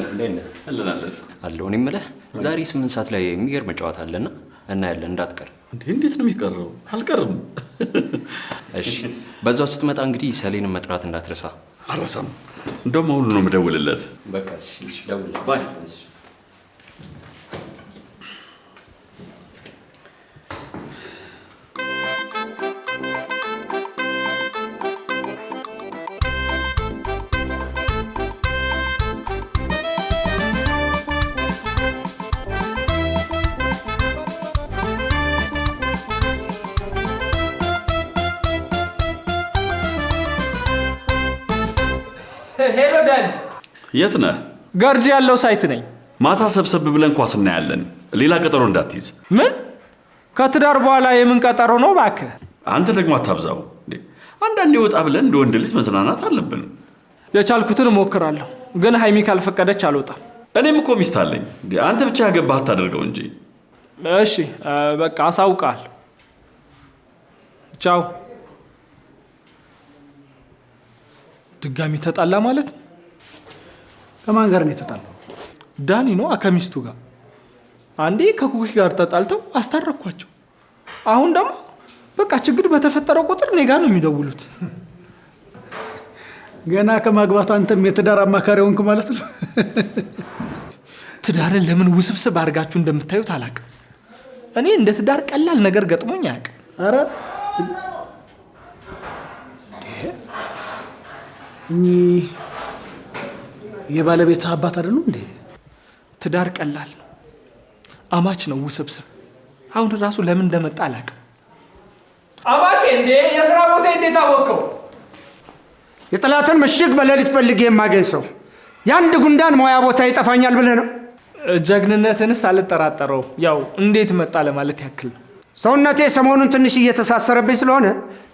አለሁ። እኔ የምልህ ዛሬ ስምንት ሰዓት ላይ የሚገርም ጨዋታ አለና እናያለን፣ እንዳትቀር። እንዴት ነው የሚቀረው? አልቀርም። እሺ፣ በዛው ስትመጣ እንግዲህ ሰሌን መጥራት እንዳትረሳ። አረሳም፣ እንደውም አሁኑ ነው የምደውልለት። በቃ እሺ፣ ደውል። ሄሎ ዳኒ፣ የት ነህ? ገርጂ ያለው ሳይት ነኝ። ማታ ሰብሰብ ብለን ኳስ እናያለን። ሌላ ቀጠሮ እንዳትይዝ። ምን ከትዳር በኋላ የምን ቀጠሮ ነው? ባክ አንተ ደግሞ አታብዛው። አንዳንዴ ወጣ ብለን እንደ ወንድ ልጅ መዝናናት አለብን። የቻልኩትን እሞክራለሁ፣ ግን ሀይሚ ካልፈቀደች አልወጣም። እኔም እኮ ሚስት አለኝ። አንተ ብቻ ያገባህ አታደርገው እንጂ። እሺ በቃ አሳውቃል። ቻው ድጋሚ ተጣላ ማለት ነው። ከማን ጋር ነው የተጣላው? ዳኒ ነው አከሚስቱ ጋር። አንዴ ከኩኪ ጋር ተጣልተው አስታረኳቸው። አሁን ደግሞ በቃ ችግር በተፈጠረው ቁጥር እኔ ጋር ነው የሚደውሉት። ገና ከማግባት አንተም የትዳር አማካሪ ሆንክ ማለት ነው። ትዳርን ለምን ውስብስብ አድርጋችሁ እንደምታዩት አላቅም? እኔ እንደ ትዳር ቀላል ነገር ገጥሞኝ አያውቅም። እኚህ የባለቤት አባት አይደሉም እንዴ? ትዳር ቀላል ነው፣ አማች ነው ውስብስብ። አሁን ራሱ ለምን እንደመጣ አላውቅም። አማቼ እንዴ የስራ ቦታ እንዴት አወቀው? የጠላትን ምሽግ በሌሊት ፈልጌ የማገኝ ሰው የአንድ ጉንዳን ሙያ ቦታ ይጠፋኛል ብለህ ነው? ጀግንነትንስ አልጠራጠረው ያው እንዴት መጣ ለማለት ያክል ነው። ሰውነቴ ሰሞኑን ትንሽ እየተሳሰረብኝ ስለሆነ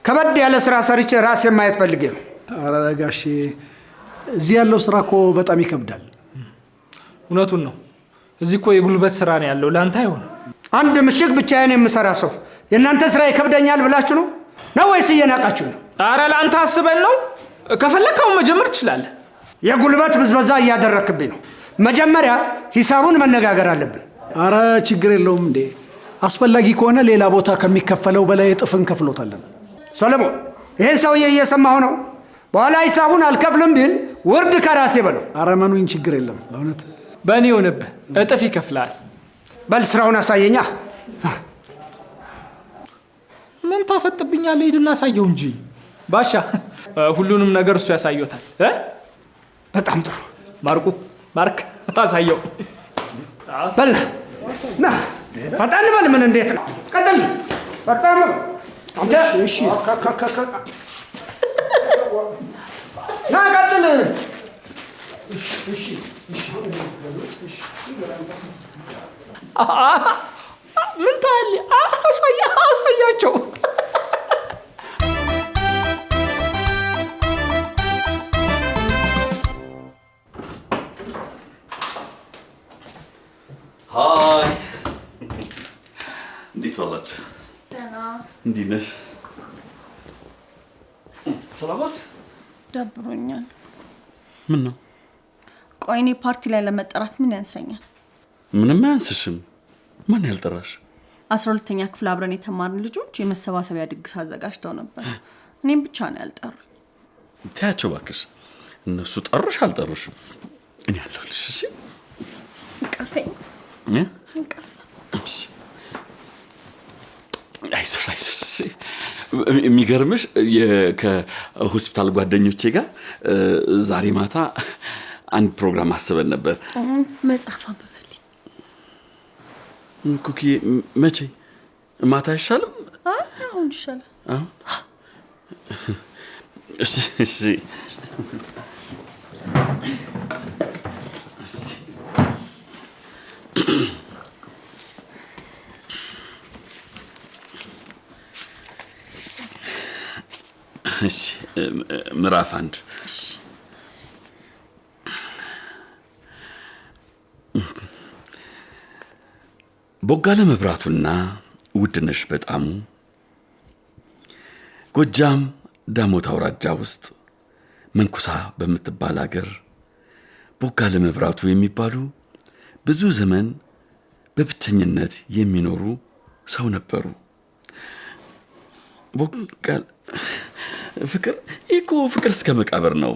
ከበድ ያለ ስራ ሰርቼ ራሴ ማየት ፈልጌ ነው። ጋሼ እዚህ ያለው ስራ እኮ በጣም ይከብዳል። እውነቱን ነው። እዚህ እኮ የጉልበት ስራ ነው ያለው። ለአንተ አይሆን። አንድ ምሽግ ብቻዬን የምሰራ ሰው የእናንተ ስራ ይከብደኛል ብላችሁ ነው ነው ወይስ እየናቃችሁ ነው? አረ ለአንተ አስበን ነው። ከፈለግከው መጀመር ትችላለህ። የጉልበት ብዝበዛ እያደረክብኝ ነው። መጀመሪያ ሂሳቡን መነጋገር አለብን። አረ ችግር የለውም እንዴ አስፈላጊ ከሆነ ሌላ ቦታ ከሚከፈለው በላይ እጥፍ እንከፍሎታለን። ሰለሞን ይህን ሰውዬ እየሰማሁ ነው። በኋላ ሂሳቡን አልከፍልም ቢል ውርድ ከራሴ በለው። አረመኑኝ፣ ችግር የለም በእውነት በእኔ ሆነብህ እጥፍ ይከፍላል። በል ስራውን አሳየኛ። ምን ታፈጥብኛለህ? ሂድና አሳየው እንጂ ባሻ። ሁሉንም ነገር እሱ ያሳየታል። በጣም ጥሩ ማርቁ፣ ማርክ አሳየው። በል ና ፈጣን በል። ምን እንዴት ነው? ቀጥል ፈጣን ና ቀጥል። ምን አሳያቸው። ሀይ እንዴት ዋላችሁ? እንዴት ነሽ? ሰላም ዋልሽ? ደብሮኛል። ምን ነው? ቆይ እኔ ፓርቲ ላይ ለመጠራት ምን ያንሰኛል? ምንም አያንስሽም። ማን ያልጠራሽ? አስራ ሁለተኛ ክፍል አብረን የተማርን ልጆች የመሰባሰቢያ ድግስ አዘጋጅተው ነበር። እኔም ብቻ ነው ያልጠሩኝ። ታያቸው እባክሽ። እነሱ ጠሩሽ አልጠሩሽም እኔ ያለሁልሽ። እሺ፣ እንቀፈኝ እንቀፈኝ። እሺ እንቀፈኝ እንቀፈኝ አይዞሽ አይዞሽ። የሚገርምሽ ከሆስፒታል ጓደኞቼ ጋር ዛሬ ማታ አንድ ፕሮግራም አስበን ነበር። መጽሐፍ አንብበልኝ ኩኪዬ። መቼ ማታ አይሻልም? አሁን ይሻላል። እሺ እሺ ምዕራፍ አንድ ቦጋለ መብራቱና ውድነሽ በጣሙ ጎጃም ዳሞት አውራጃ ውስጥ መንኩሳ በምትባል አገር ቦጋለ መብራቱ የሚባሉ ብዙ ዘመን በብቸኝነት የሚኖሩ ሰው ነበሩ። ቦጋለ ፍቅር ይኮ ፍቅር እስከ መቃብር ነው።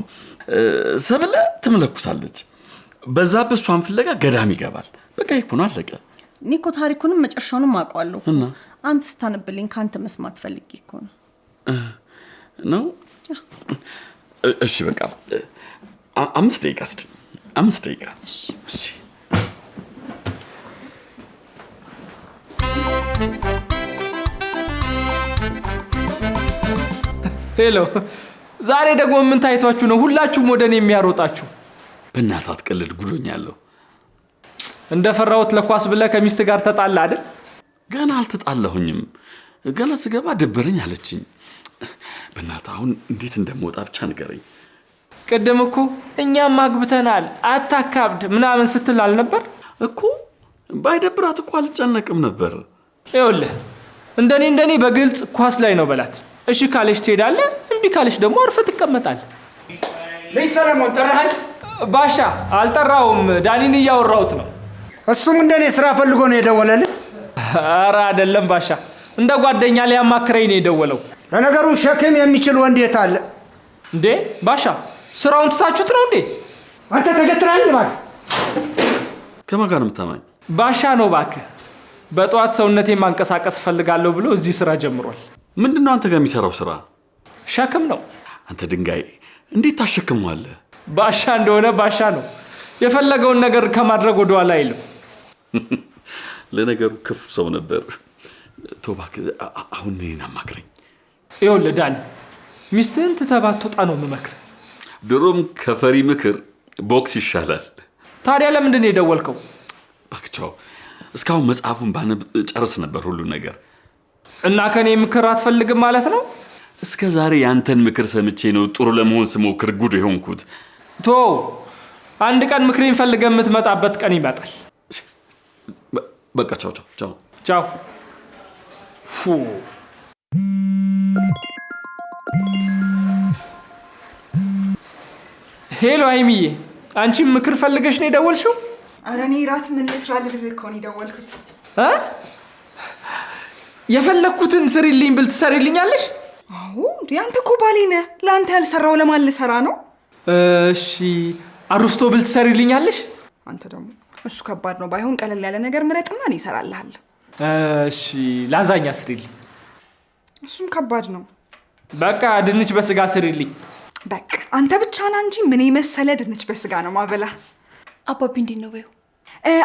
ሰብለ ትመለኩሳለች። በዛ በሷን ፍለጋ ገዳም ይገባል። በቃ ይኮ ነው አለቀ። እኔ እኮ ታሪኩንም መጨረሻውንም አውቀዋለሁ። እና አንተ ስታነብልኝ ከአንተ መስማት ፈልጌ እኮ ነው ነው። እሺ በቃ አምስት ደቂቃ ስጥ፣ አምስት ደቂቃ እሺ ሄሎ፣ ዛሬ ደግሞ ምን ታይቷችሁ ነው ሁላችሁም ወደ እኔ የሚያሮጣችሁ? በእናት አትቀልድ፣ ጉዶኛለሁ። እንደፈራሁት ለኳስ ብለህ ከሚስት ጋር ተጣላ አይደል? ገና አልተጣላሁኝም። ገና ስገባ ደበረኝ አለችኝ። በእናት አሁን እንዴት እንደምወጣ ብቻ ንገረኝ። ቅድም እኮ እኛም አግብተናል አታካብድ ምናምን ስትል አልነበር እኮ? ባይደብራት እኮ አልጨነቅም ነበር። ይኸውልህ እንደኔ እንደኔ በግልጽ ኳስ ላይ ነው በላት እሺ ካለሽ ትሄዳለ እምቢ ካለሽ ደግሞ አርፈት ትቀመጣለህ። ልጅ ሰለሞን ጠራኸኝ? ባሻ አልጠራውም፣ ዳኒን እያወራሁት ነው። እሱም እንደኔ ስራ ፈልጎ ነው የደወለልህ? ኧረ አይደለም ባሻ፣ እንደ ጓደኛ ሊያማክረኝ ነው የደወለው። ለነገሩ ሸክም የሚችል ወንድ የት አለ እንዴ? ባሻ ስራውን ትታችሁት ነው እንዴ? አንተ ተገትራል ማለት ከማን ጋር የምታማኝ? ባሻ ነው ባከ በጠዋት ሰውነቴን ማንቀሳቀስ እፈልጋለሁ ብሎ እዚህ ስራ ጀምሯል። ምንድን ነው አንተ ጋር የሚሰራው ስራ? ሸክም ነው። አንተ ድንጋይ እንዴት ታሸክመዋለህ? ባሻ እንደሆነ ባሻ ነው። የፈለገውን ነገር ከማድረግ ወደኋላ አይልም። ለነገሩ ክፉ ሰው ነበር። ቶባክ አሁን እኔን አማክረኝ። ይኸውልህ ዳኒ፣ ሚስትህን ትተባት ትወጣ ነው የምመክርህ። ድሮም ከፈሪ ምክር ቦክስ ይሻላል። ታዲያ ለምንድን ነው የደወልከው? ባክቻው እስካሁን መጽሐፉን ባነብ ጨርስ ነበር ሁሉ ነገር እና ከኔ ምክር አትፈልግም ማለት ነው? እስከ ዛሬ ያንተን ምክር ሰምቼ ነው ጥሩ ለመሆን ስሞክር ጉድ የሆንኩት። ቶ አንድ ቀን ምክሬን ፈልገህ የምትመጣበት ቀን ይመጣል። በቃ ቻው ቻው ቻው ቻው። ሄሎ ሀይሚዬ፣ አንቺም ምክር ፈልገሽ ነው የደወልሽው? አረ እኔ እራት ምን ልስራ ልልህ እኮ ነው የደወልኩት። የፈለግኩትን ስሪልኝ ብል ትሰሪልኛለሽ? አዎ እንዲ አንተ እኮ ባሌ ነህ። ለአንተ ያልሰራው ለማን ልሰራ ነው? እሺ፣ አሩስቶ ብል ትሰሪልኛለሽ? አንተ ደግሞ እሱ ከባድ ነው። ባይሆን ቀለል ያለ ነገር ምረጥና እኔ እሰራልሃለሁ። እሺ፣ ላዛኛ ስሪልኝ። እሱም ከባድ ነው። በቃ ድንች በስጋ ስሪልኝ። በቃ አንተ ብቻ ና እንጂ ምን የመሰለ ድንች በስጋ ነው ማበላ። አባቢ እንዴት ነው?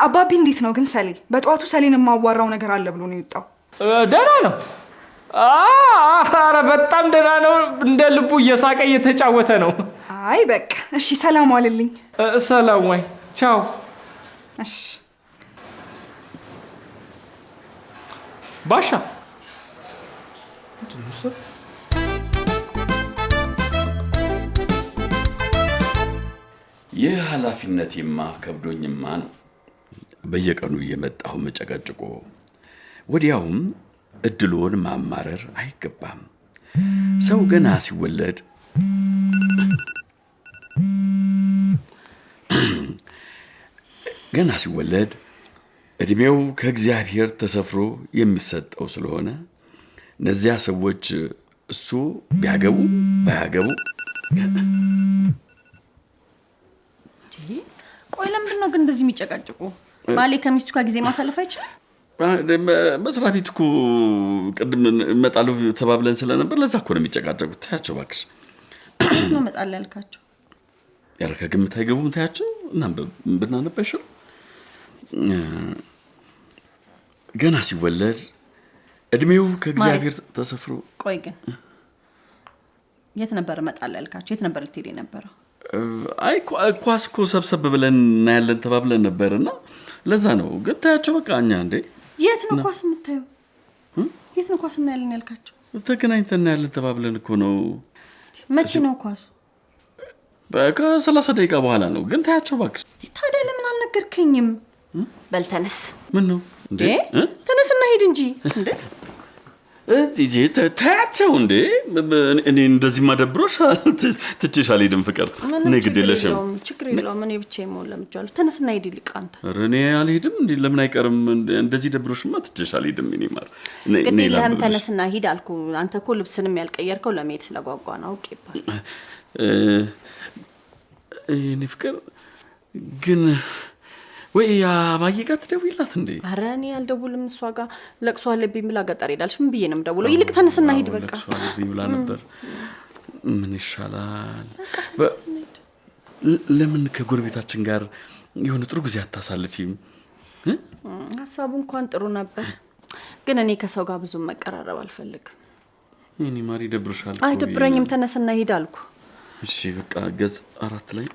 አባቢ እንዴት ነው ግን ሰሌ? በጠዋቱ ሰሌን የማዋራው ነገር አለ ብሎ ነው የወጣው ደህና ነው። አረ በጣም ደህና ነው። እንደ ልቡ እየሳቀ እየተጫወተ ነው። አይ በቃ እሺ፣ ሰላም ዋልልኝ። ሰላም ወይ፣ ቻው። እሺ ባሻ ይህ ኃላፊነቴማ ከብዶኝማ ነው በየቀኑ እየመጣሁ መጨቀጭቆ ወዲያውም እድሎን ማማረር አይገባም። ሰው ገና ሲወለድ ገና ሲወለድ እድሜው ከእግዚአብሔር ተሰፍሮ የሚሰጠው ስለሆነ እነዚያ ሰዎች እሱ ቢያገቡ ባያገቡ ቆይ፣ ለምንድን ነው ግን እንደዚህ የሚጨቃጭቁ? ባሌ ከሚስቱ ጋር ጊዜ ማሳለፍ አይችልም? መስሪያ ቤት እኮ ቅድም እመጣለሁ ተባብለን ስለነበር ለዛ እኮ ነው የሚጨቃጨቁት። ታያቸው እባክሽ ነው እመጣለሁ ያልካቸው። ኧረ ከግምት አይገቡም። ታያቸው እና ብናነብ ገና ሲወለድ እድሜው ከእግዚአብሔር ተሰፍሮ። ቆይ ግን የት ነበር እመጣለሁ ያልካቸው? የት ነበር ልትሄድ የነበረው? አይ ኳስ እኮ ሰብሰብ ብለን እናያለን ተባብለን ነበር እና ለዛ ነው ግን ታያቸው በቃ እኛ እንዴ የት ነው ኳስ የምታየው? የት ነው ኳስ እናያለን ያልካቸው? ተገናኝተን እናያለን ተባብለን እኮ ነው። መቼ ነው ኳሱ? ከሰላሳ ደቂቃ በኋላ ነው። ግን ታያቸው እባክሽ። ታዲያ ለምን አልነገርከኝም? በል ተነስ። ምን ነው? ተነስና ሄድ እንጂ ታያቸው እንዴ! እኔ እንደዚህ ማደብሮሽ ትቼሽ አልሄድም። ፍቅር እኔ ግድ የለሽም። ችግር የለውም። እኔ ብቻዬን መሆን ለምጃለሁ። ተነስና ሂድ ይልቅ አንተ። ኧረ እኔ አልሄድም። ለምን አይቀርም። እንደዚህ ደብሮሽማ ትቼሽ አልሄድም። እኔ ማር ግድ ተነስና ሂድ አልኩ። አንተ እኮ ልብስንም ያልቀየርከው ለመሄድ ስለጓጓ ነው። አውቄ ይባል እኔ ፍቅር ግን ወይ አባዬ ጋር ትደውይላት እንዴ? አረ እኔ አልደውልም። እሷ ጋ ለቅሶ አለብኝ ብላ ገጠር ሄዳለች። ምን ብዬ ነው የምደውለው? ይልቅ ተነስና ሂድ። በቃ ለቅሶ አለብኝ ብላ ነበር። ምን ይሻላል? ለምን ከጎረቤታችን ጋር የሆነ ጥሩ ጊዜ አታሳልፊም? ሀሳቡ እንኳን ጥሩ ነበር፣ ግን እኔ ከሰው ጋር ብዙም መቀራረብ አልፈልግም። ይህኔ ማሪ ይደብርሻል። አይደብረኝም። ተነስና ሂድ አልኩ። እሺ በቃ ገጽ አራት ላይ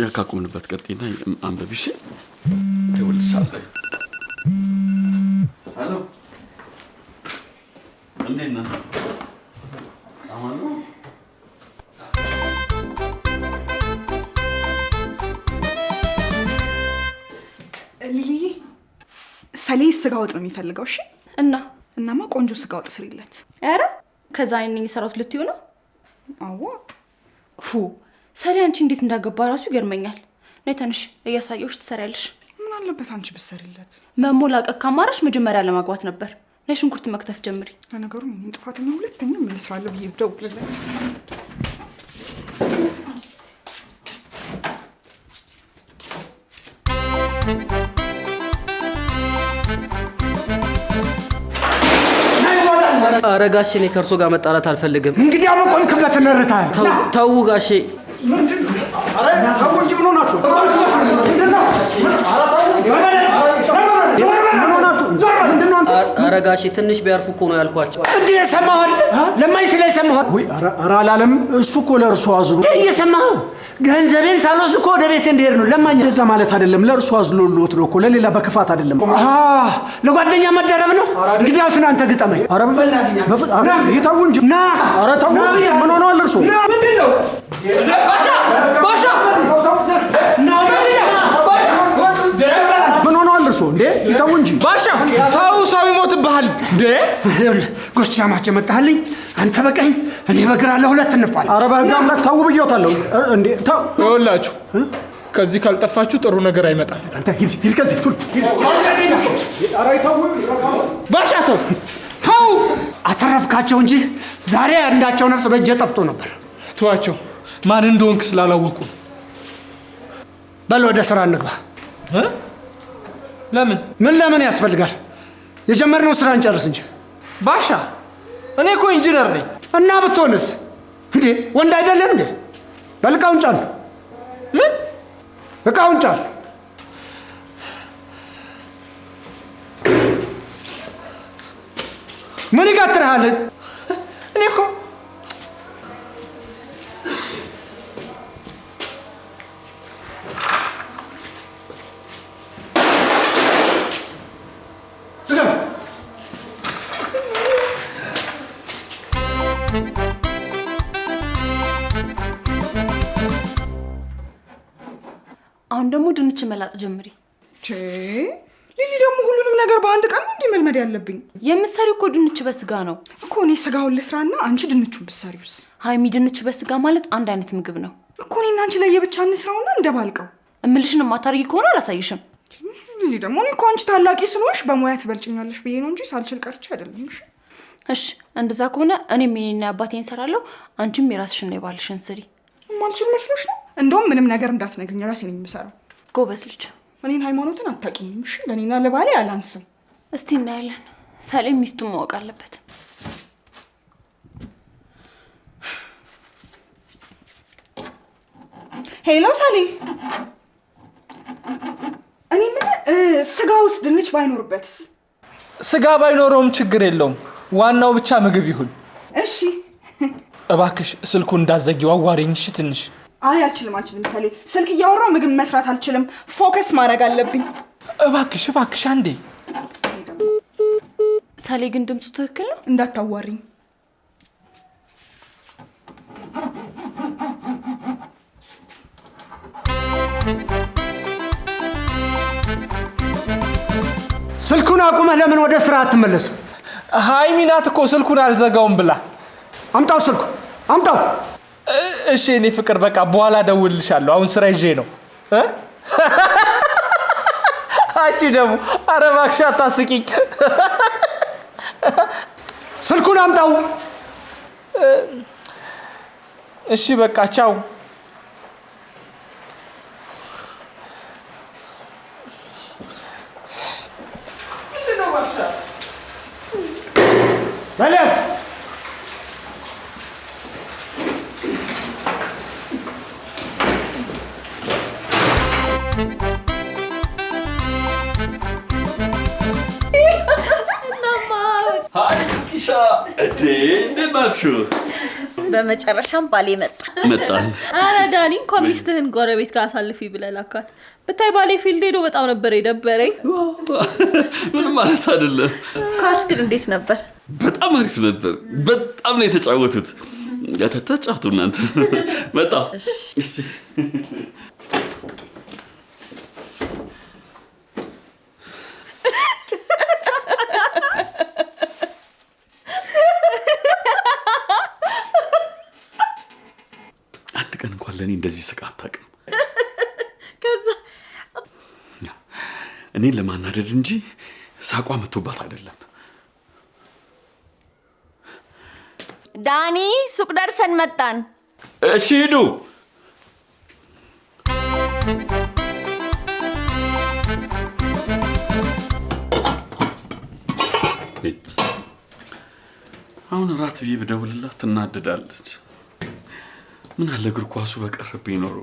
ያካቁምንበት ቀጤና አንበቢሽ ትውልሳለ። ሄሎ እንዴት ነህ? ሰሌ ስጋ ወጥ ነው የሚፈልገው። እሺ እና እናማ ቆንጆ ስጋ ወጥ ስሪለት። ኧረ ከዛ እኔ የሰራሁት ልትዩ ነው? አዎ ሁ ሰሪ አንቺ እንዴት እንዳገባ ራሱ ይገርመኛል። ነይ ተንሽ እያሳየሁሽ ትሰሪያለሽ። ምን አለበት አንቺ ብትሰሪለት። መሞላቀቅ ካማራሽ መጀመሪያ ለማግባት ነበር። ነይ ሽንኩርት መክተፍ ጀምሪ። ለነገሩ እኔን ጥፋተኛ ሁለተኛ መልሰዋለሁ ብዬ ብደውልልኝ አረ ጋሼ እኔ ከእርሶ ጋር መጣላት አልፈልግም። እንግዲህ አበቆን ክብለት ተው ጋሼ ምንድን ነው? ኧረ ተጎጂ ምን ሆናችሁ? ኧረ ጋሼ ትንሽ ቢያርፉ እኮ ነው ያልኳቸው። እንዴ ሰማሁል ለማኝ ስለ ሰማሁል ወይ ኧረ አላለም። እሱ እኮ ለእርሱ አዝኖ እየሰማሁ ገንዘቤን ሳልወስድ እኮ ወደ ቤት እንድሄድ ነው ለማኝ። እንደዛ ማለት አይደለም። ለእርሱ አዝሎልዎት ነው እኮ ለሌላ በክፋት አይደለም። ለጓደኛ መደረብ ነው። እንግዲያውስ እናንተ ግጠመኝ። ኧረ ይተው እንጂ ና። ኧረ ተው፣ ምን ሆነዋል እርሱ ምን ሆነዋል እርሱ? እንዴ ይተው እንጂ ባሻ ይበቃል። ጎሻማች መጣልኝ። አንተ በቀኝ እኔ በግራ ለሁለት እንፋል። ኧረ በህግ አምላክ ተው ብዬዎታለሁ። እንዴ ተው ይኸውላችሁ፣ ከዚህ ካልጠፋችሁ ጥሩ ነገር አይመጣም። አንተ ሂድ ሂድ፣ ከዚህ ቱል ባሻ ተው ተው። አተረፍካቸው እንጂ ዛሬ አንዳቸው ነፍስ በእጄ ጠፍቶ ነበር። ተዋቸው፣ ማን እንደሆንክ ስላላወቁ። በል ወደ ስራ እንግባ። ለምን ምን ለምን ያስፈልጋል? የጀመርነው ስራ እንጨርስ እንጂ። ባሻ እኔ እኮ ኢንጂነር ነኝ። እና ብትሆንስ? እንዴ ወንድ አይደለም እንዴ? በል እቃውን ጫን። ምን እቃውን ጫን? ምን ይጋትርሃል? እኔ እኮ አሁን ደግሞ ድንች መላጥ ጀምሪ። ሊሊ ደግሞ ሁሉንም ነገር በአንድ ቀን ነው እንዲህ መልመድ ያለብኝ? የምትሰሪው እኮ ድንች በስጋ ነው እኮ። እኔ ስጋውን ልስራና አንቺ ድንቹን ብትሰሪውስ? ሀይሚ፣ ድንች በስጋ ማለት አንድ አይነት ምግብ ነው እኮ። እኔና አንቺ ለየብቻ እንስራውና እንደባልቀው። እምልሽን ማታርጊ ከሆነ አላሳይሽም። ሊሊ ደግሞ እኔ እኮ አንቺ ታላቂ ስለሆንሽ በሙያ ትበልጭኛለሽ ብዬ ነው እንጂ ሳልችል ቀርቼ አይደለም። እሺ እንደዛ ከሆነ እኔም የኔን አባቴን እሰራለሁ፣ አንቺም የራስሽና ነው የባልሽን ስሪ። ማልሽን መስሎሽ ነው? እንደውም ምንም ነገር እንዳትነግሪኝ ራሴ ነኝ የምሰራው። ጎበዝ ልጅ። እኔን ሃይማኖትን አታውቂኝም። እሺ ለእኔና ለባሌ አላንስም። እስቲ እናያለን። ሳሌም ሚስቱን ማወቅ አለበት። ሄሎ ሳሌ፣ እኔ ምን ስጋ ውስጥ ድንች ባይኖርበትስ? ስጋ ባይኖረውም ችግር የለውም ዋናው ብቻ ምግብ ይሁን። እሺ እባክሽ ስልኩ እንዳዘጊው አዋሪኝ። እሺ ትንሽ አይ አልችልም አልችልም። ምሳሌ ስልክ እያወራው ምግብ መስራት አልችልም። ፎከስ ማድረግ አለብኝ። እባክሽ እባክሽ አንዴ። ሳሌ ግን ድምፁ ትክክል ነው። እንዳታዋሪኝ። ስልኩን አቁመህ ለምን ወደ ስራ አትመለስም? ሀይሚ ናት እኮ ስልኩን አልዘጋውም ብላ። አምጣው ስልኩ አምጣው። እሺ እኔ ፍቅር በቃ በኋላ ደውልልሻለሁ፣ አሁን ስራ ይዤ ነው። አንቺ ደግሞ አረ እባክሽ አታስቂኝ። ስልኩን አምጣው። እሺ በቃ ቻው። ምንድን ነው Velez. Harika kişa. Eteğinde maçı. በመጨረሻም ባሌ መጣ መጣል። አረ ዳኒ እንኳን ሚስትህን ጎረቤት ጋር አሳልፊ ብለህ ላካት ብታይ። ባሌ ፊልድ ሄዶ በጣም ነበር የደበረኝ። ምንም ማለት አይደለም። ኳስ ግን እንዴት ነበር? በጣም አሪፍ ነበር። በጣም ነው የተጫወቱት። ተጫወቱ እናንተ። መጣ ለእኔ እንደዚህ ስቃ አታውቅም። ከዛ እኔን ለማናደድ እንጂ ሳቋ መቶባት አይደለም። ዳኒ ሱቅ ደርሰን መጣን። እሺ ሂዱ። አሁን እራት ብዬ ብደውልላት ትናደዳለች። ምን አለ እግር ኳሱ በቀረብኝ ኖሮ።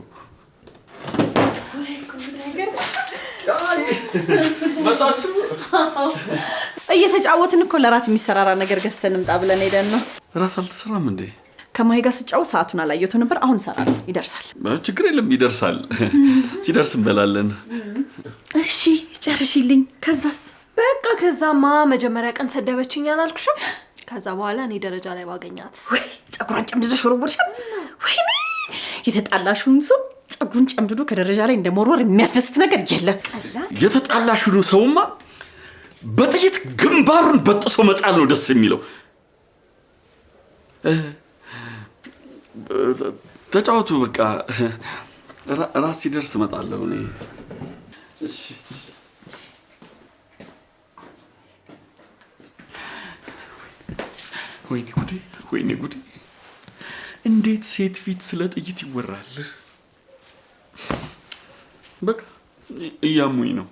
እየተጫወትን እኮ ለራት የሚሰራራ ነገር ገዝተን እንምጣ ብለን ሄደን ነው። ራት አልተሰራም እንዴ? ከማሄ ጋር ስጫወት ሰዓቱን አላየሁትም ነበር። አሁን እሰራለሁ። ይደርሳል። ችግር የለም ይደርሳል። ሲደርስ እንበላለን። እሺ ጨርሽልኝ። ከዛስ? በቃ ከዛማ መጀመሪያ ቀን ሰደበችኝ አላልኩሽም? ከዛ በኋላ እኔ ደረጃ ላይ ባገኛት፣ ፀጉሯን ጨምድደሽ ወረወርሻት። ወይኔ የተጣላሽውን ሰው ጸጉን ጨምድዶ ከደረጃ ላይ እንደ መወርወር የሚያስደስት ነገር የለም። የተጣላሽውን ሰውማ በጥይት ግንባሩን በጥሶ መጣል ነው ደስ የሚለው። ተጫወቱ በቃ። ራስ ሲደርስ እመጣለሁ እኔ። ወይኔ ጉዴ! ወይኔ ጉዴ! እንዴት ሴት ፊት ስለ ጥይት ይወራል? በቃ እያሙኝ ነው።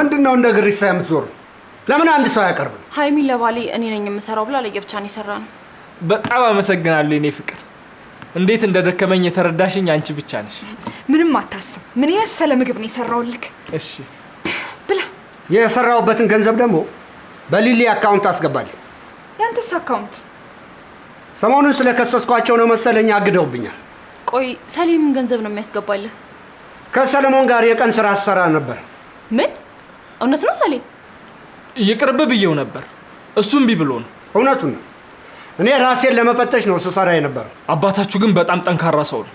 ምንድን ነው እንደ ግሪሳ የምትዞር? ለምን አንድ ሰው አያቀርብም? ሀይሚ ለባሌ እኔ ነኝ የምሰራው ብላ ለየብቻን የሰራ ነው። በጣም አመሰግናለሁ የኔ ፍቅር። እንዴት እንደደከመኝ የተረዳሽኝ አንቺ ብቻ ነሽ። ምንም አታስብ። ምን የመሰለ ምግብ ነው የሰራውልክ። እሺ ብላ። የሰራውበትን ገንዘብ ደግሞ በሊሊ አካውንት አስገባልኝ። ያንተስ አካውንት? ሰሞኑን ስለከሰስኳቸው ነው መሰለኝ አግደውብኛል። ቆይ ሰሌምን ገንዘብ ነው የሚያስገባልህ? ከሰለሞን ጋር የቀን ስራ አሰራ ነበር። ምን እውነት ነው ሰሌ? ይቅርብ ብዬው ነበር፣ እሱም ቢብሎ ነው። እውነቱን ነው። እኔ ራሴን ለመፈተሽ ነው ስሰራ የነበረ። አባታችሁ ግን በጣም ጠንካራ ሰው ነው።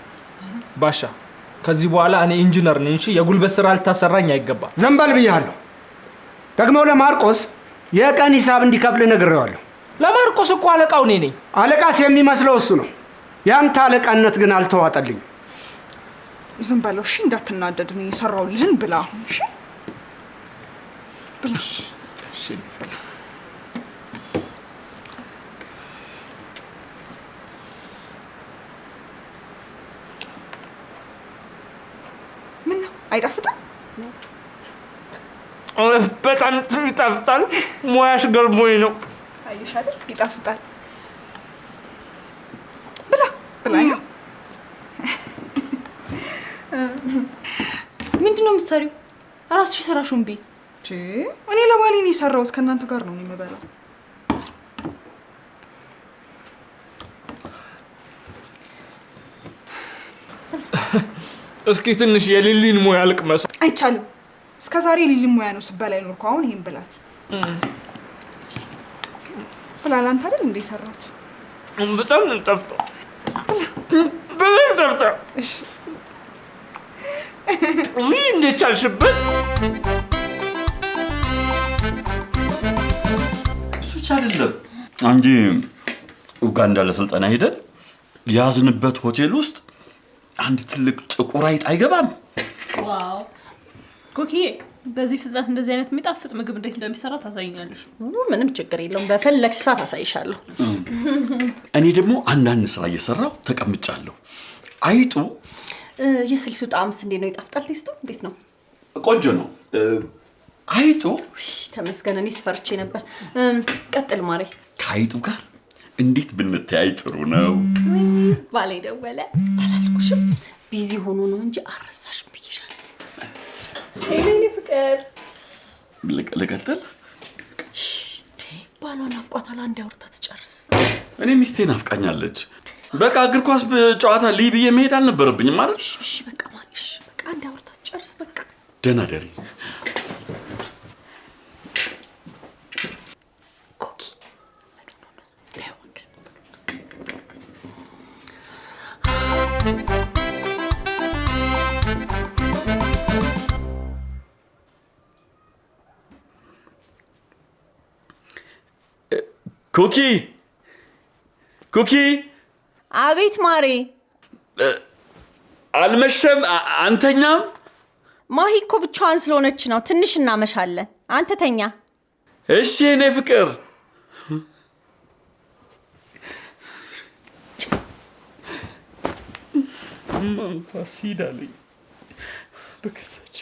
ባሻ፣ ከዚህ በኋላ እኔ ኢንጂነር ነኝ እንጂ የጉልበት ስራ ልታሰራኝ አይገባም። ዘንበል ብያለሁ። ደግሞ ለማርቆስ የቀን ሂሳብ እንዲከፍል ነግሬዋለሁ። ለማርቆስ እኮ አለቃው እኔ ነኝ። አለቃስ የሚመስለው እሱ ነው። ያንተ አለቃነት ግን አልተዋጠልኝም። ዝም በለው እሺ፣ እንዳትናደድ። እኔ የሰራውልህን ብላ አሁን እሺ بلاش شريف منو هاي تفضل الله بيت عن بيتفضل مواش قربوينو هاي شادر بيتفضل بلا بلا ايو من دنو مصاريو راس شو سراشون بيه እኔ ለባሌ ነው የሰራሁት። ከእናንተ ጋር ነው የምበላው። እስኪ ትንሽ የሊሊን ሙያ ልቅመስ። አይቻልም። እስከ ዛሬ የሊሊን ሙያ ነው ስበላ ይኖርኩ። አሁን ይሄን ብላት ብላል። አንተ አይደል እንደ የሰራሁት። በጣም ነው የምጠፍጠው፣ በጣም ጠፍጠው። እንዴት ቻልሽበት? ብቻ አይደለም። አንጂ ኡጋንዳ ለስልጠና ሄደን የያዝንበት ሆቴል ውስጥ አንድ ትልቅ ጥቁር አይጥ አይገባም። ዋው ኮኪዬ፣ በዚህ ፍጥነት እንደዚህ አይነት የሚጣፍጥ ምግብ እንዴት እንደሚሰራ ታሳይኛለሽ? ምንም ችግር የለውም። በፈለግሽ ሰዓት አሳይሻለሁ። እኔ ደግሞ አንዳንድ ስራ እየሰራሁ ተቀምጫለሁ። አይጡ የስልሱ ጣዕምስ እንዴት ነው? ይጣፍጣል? ቴስቱ እንዴት ነው? ቆንጆ ነው። አይቶ ተመስገን። እኔ ስፈርቼ ነበር። ቀጥል ማሬ። ከአይጡ ጋር እንዴት ብንተያይ ጥሩ ነው? ባሌ ደወለ አላልኩሽም? ቢዚ ሆኖ ነው እንጂ አረሳሽም ብዬሻለሁ። እኔ ፍቅር ልቀጥል። ባሏ ናፍቋታል። አንድ አውርታ ትጨርስ። እኔ ሚስቴ ናፍቃኛለች። በቃ እግር ኳስ ጨዋታ ልይ ብዬ መሄድ አልነበረብኝም ማለት። በቃ ማሽ በቃ አንድ አውርታ ትጨርስ። በቃ ደህና ደሪ ኩኪ ኩኪ። አቤት ማሬ። አልመሸም? አንተኛም? ማሂ እኮ ብቻዋን ስለሆነች ነው። ትንሽ እናመሻለን። አንተ እሺ የኔ ፍቅር። መንፋስ ሂዳለኝ በከሳች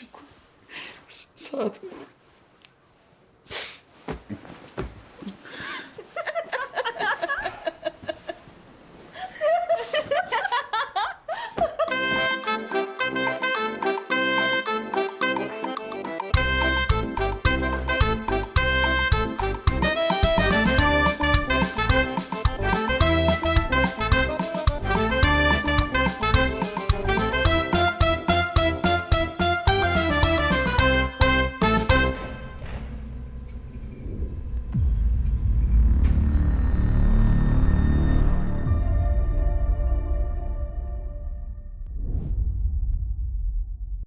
ሰዓት